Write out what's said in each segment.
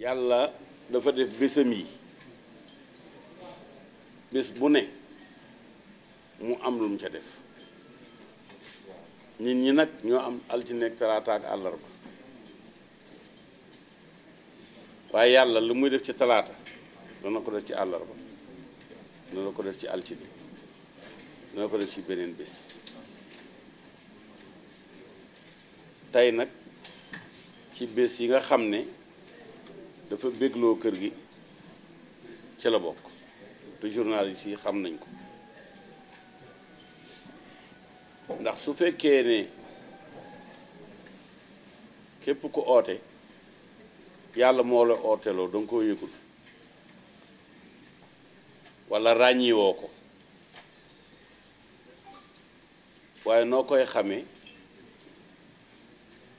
يالا دا فا ديف بيسامي بيس بو ني مو ام لوم تا ديف نين ني نك ام التي نيك تراتا اك الاربا وا يالا لوموي ديف تي تلاتا دا نكو ديف تي الاربا دا نكو ديف تي التي دي دا نكو ديف تي بنين بيس dafa bégloo kër gi ci la bokk te journaliste yi xam nañ ko ndax su fekkee ne képp ku oote yàlla moo la ooteloo da koo yëgul wala ràññiwoo ko waaye noo koy xamee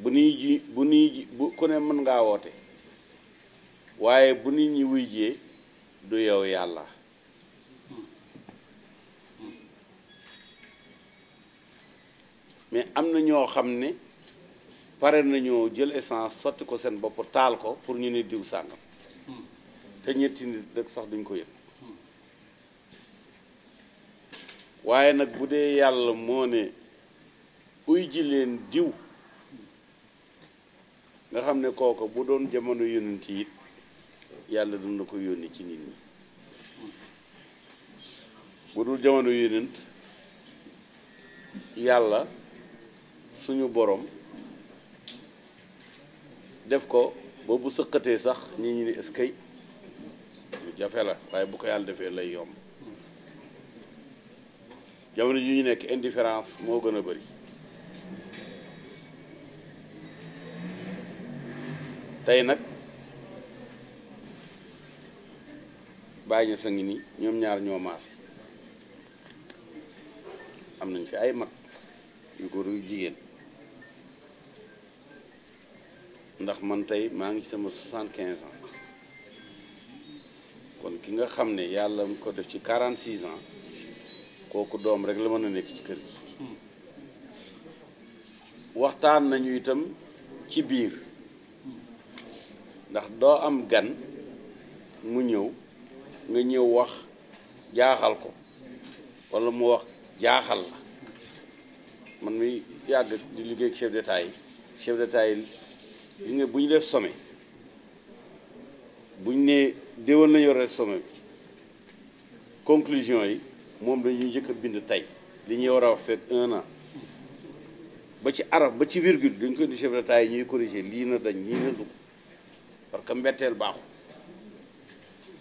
bu nuy ji bu nuy ji bu ku ne mën ngaa woote waaye bu nit ñi wuyjee du yow yàlla mais am na ñoo xam ne pare nañoo jël essence sotti ko seen bopp taal ko pour ñu ne diw sàngam te ñetti nit rek sax duñ ko yëg waaye nag bu dee yàlla moo ne uy ji leen diw nga xam ne kooku bu doon jamono yonent yi it yàlla dina ko yónni ci nit ñi bu dul jamono yonent yàlla suñu boroom def ko ba sëqatee sax ñi ñi ni eskay jafe la waaye bu ko yàlla defee lay yomb jamono ji ñu nekk indifférence moo gën a bari tey nag bàyyi ñu sa ngi nii ñoom ñaar ñoo maase am nañ fi ay mag yu góor yu jigéen ndax man tey maa ngi sama 75 ans kon ki nga xam ne yàlla mu ko def ci 46 ans kooku doom rek la mën a nekk ci kër gi waxtaan nañu itam ci biir ndax doo am gan mu ñëw nga ñëw wax jaaxal ko walla mu wax jaaxal la man mi yàgg di liggéey ak chef d'état yi chef d'état yi li nga bu ñu def some bu ñu nee déwén nañu yore sommet bi conclusion yi moom dañuy njëkk a bind tey li ñuy war a wax fekk un an ba ci arab ba ci virgule dañ koy di chef d'état yi ñuy corriger lii na dañ ñii na dugg parce que mbetteel baaxul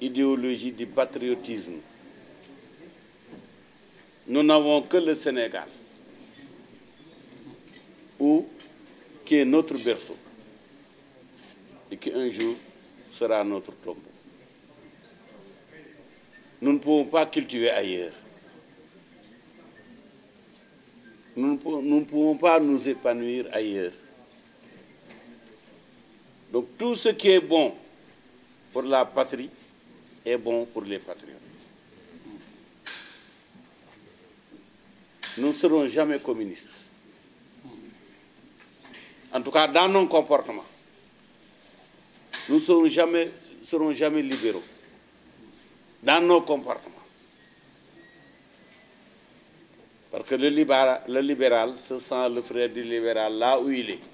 idéologie du patriotisme nous n'avons que le Sénégal qui est notre berceau et qui un jour sera notre tombeau. Nous ne pouvons pas cultiver ailleurs. Nous ne pouvons pas nous épanouir ailleurs. Donc tout ce qui est bon pour la patrie est bon pour les patriotes. Nous ne serons jamais communistes. En tout cas, dans nos comportements. Nous ne serons jamais, libéraux. Dans nos comportements. Parce que le libéral, le libéral se sent le frère du libéral là où il est.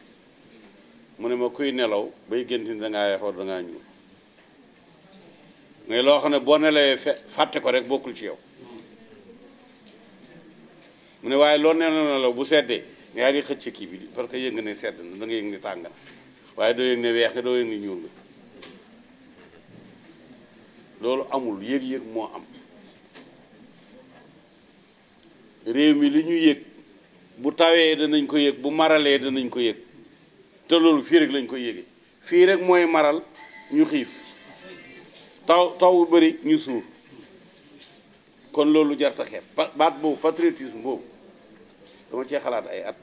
mu ne ma kuy nelaw bay gént ni dangaa yaxoor dangaa ñuul mais loo xam ne boo nelawee fàtte ko rek bokkul ci yow mu ne waaye loo nelaw nelaw bu seddee yaa ngi xëcc kii bi parce que yëng ne sedd na da nga yëng ne tàng waaye doo yëg ne weex nga doo yëg ne ñuul nga loolu amul yëg-yëg moo am réew mi li ñu yëg bu tawee danañ ko yëg bu maralee danañ ko yëg te loolu fii rek lañ koy yéege fii rek mooy maral ñu xiif taw taw bu bëri ñu suur kon loolu jarta xeeb baat boobu patriotisme boobu dama cee xalaat ay at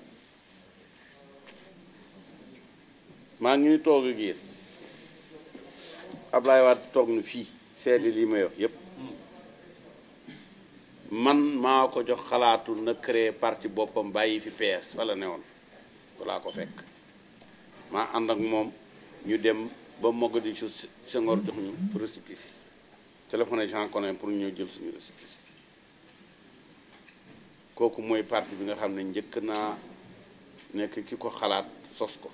maa ngi ni toog ak yéen Ablaye Wade toog na fii seede li may wax yépp man maa ko jox xalaatul na créer parti boppam bàyyi fi PS fa la newoon walaa ko fekk maa ànd ak moom ñu dem ba Mogadishu Senghor jox ñu pour récépissé téléphoné Jean Collin pour ñu jël suñu récépissé kooku mooy parti bi nga xam ne njëkk naa nekk ki ko xalaat sos ko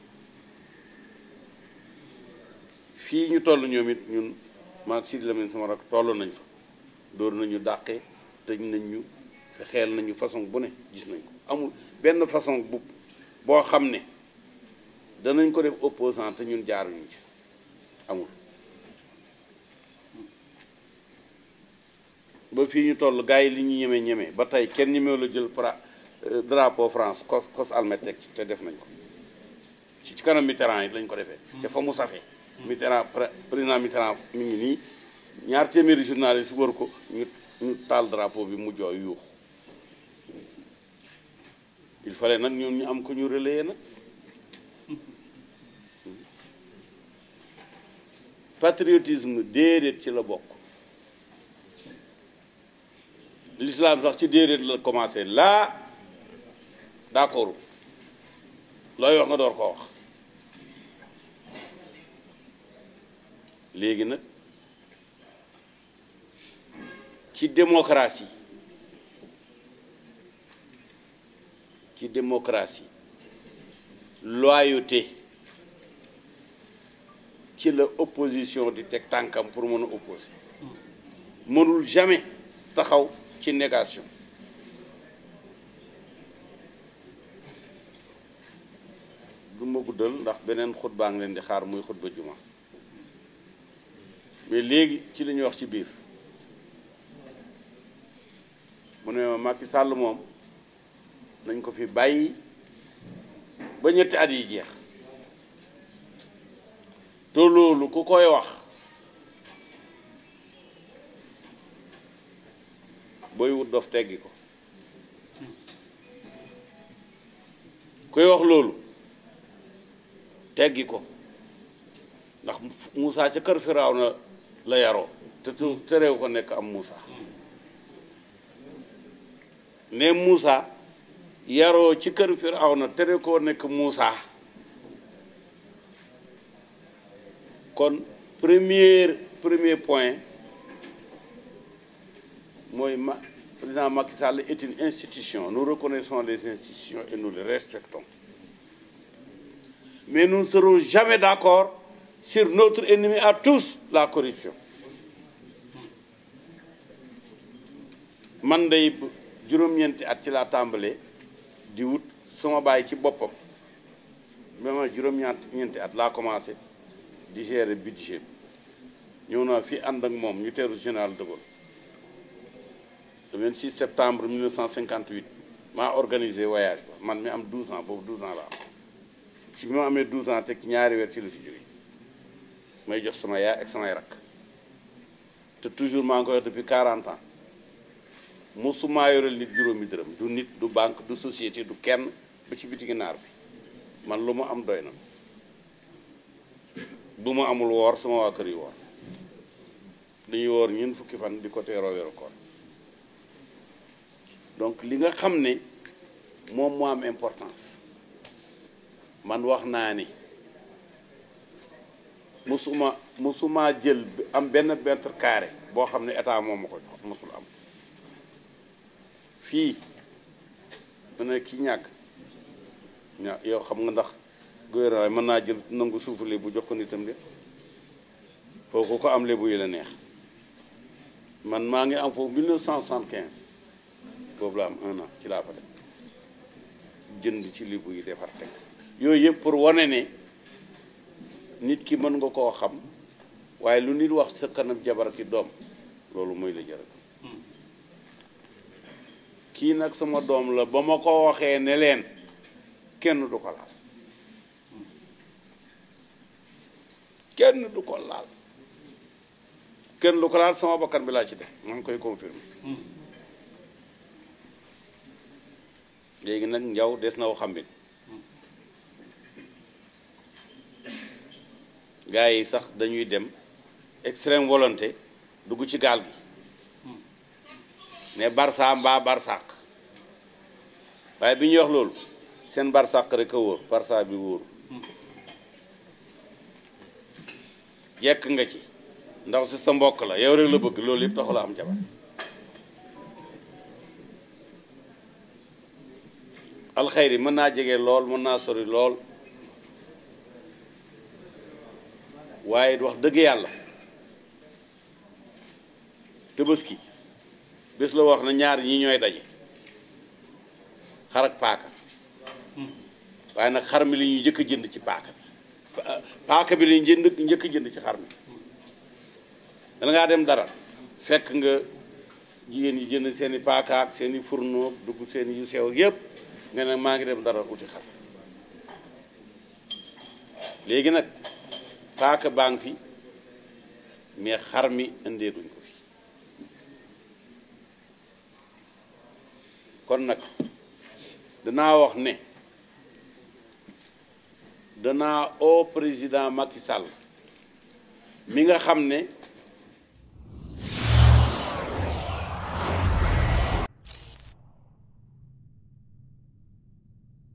fii ñu toll ñoom it ñun maag Sidi Lamine sama rak toll nañ fa dóor nañu dàqe tëj nañ ñu xeel nañu façon bu ne gis nañ ko amul benn façon bu boo xam ne danañ ko def opposant te ñun jaaruñu ci amul ba fii ñu toll gars yi li ñu ñeme ñeme ba tey kenn ñemewu la jël pra euh, drapeau France cos cos almet te def nañ ko ci ci kanam Mitterrand yi lañ ko defee. Hmm. te fa mu safee. Hmm. Mitterrand président Mitterrand mi ngi nii ñaar téeméeri journaliste su ko ñu ñu taal drapeau bi mu jooy yuux il fallait nag ñun ñu am ko ñu relayer nag. patriotisme déedéet ci la bok l'islam sax ci le la commencé d'accord loy wax nga door ko wax démocratie ci démocratie loyauté que l'opposition l'opposition di pour mon Je opposer mënul jamais taxaw ci négation du ne ndax un ngi ne di xaar mais maintenant, ci la wax ci Je qui Sall fait nañ ko te loolu ku koy wax booy wut dof teggi ko koy wax loolu teggi ko ndax Moussa ca kër Firaaw na la yaroo te tu tereew ko nekk am Moussa ne Moussa yaroo ci kër Firaaw na tere koo nekk Moussa premier premier point le président Macky Sall est une institution nous reconnaissons les institutions et nous les respectons mais nous ne serons jamais d'accord sur notre ennemi à tous la corruption di gérer budget Nous naa fi un ak moom ñu général de Gaulle le 26 septembre 1958 maa organisé voyage ba man mi am 12 ans boobu 12 ans là. Si ci bi ma 12 ans teg ñaari weer ci la fi jógee may jox sama yaay ak samay rakk toujours maa depuis 40 ans mosumaa yoreel nit juróomi dërëm du nit du banque du société du kenn petit ci biti ginaar bi man lu mu am duma amul wor sama wa keur yi wor dañuy wor ñeen fukki fan di côté teeroo weeru koor donc li nga xamné mom mo am importance man wax na ni musuma musuma jël am ben mètre carré bo xamné état mom ko musul am fi mu ki ñak ñak yow xam nga ndax gouvernement mën naa jël nangu suufu bu jox ko nitam de foofu ko am lébu yi la neex man maa ngi am foofu 1975 boobu la am ci laa fa def jënd ci lébu yi defar teg yooyu yëpp pour wane ne nit ki mën nga koo xam waaye lu nit wax sa kanam jabar ki doom loolu mooy la jërëjëf kii nag sama doom la ba ma ko waxee ne leen kenn du ko laal kenn du ko laal kenn du ko laal sama bakkan bi laa ci def maa ngi koy confirmer léegi nag njaw des na waxambin gars yi sax dañuy dem extrême volonté dugg ci gaal gi ne barsa mbaa barsàq waaye bi ñuy wax loolu seen barsàq rek a wóor barsa bi wóoru jekk nga ci ndax si sa mbokk la yow rek la bëgg loolu yëpp taxul am jabar alxayri mën naa jege lool mën naa sori lool waaye du wax dëgg yàlla Tabaski bés la wax na ñaar ñi ñooy daje xar ak paaka hmm. waaye nag xar mi li ñuy jëkk jënd ci paaka bi paaka bi lañ jënd njëkk jënd ci xar mi dana ngaa dem dara fekk nga jigéen yi jënd seeni i seeni ak dugg seen yu sew yëpp nga ne maa ngi dem dara uti xar léegi nag paaka baa ngi fi mais xar mi indeeguñ ko fi kon nag danaa wax ne danaa o président Macky Sall mi nga xam ne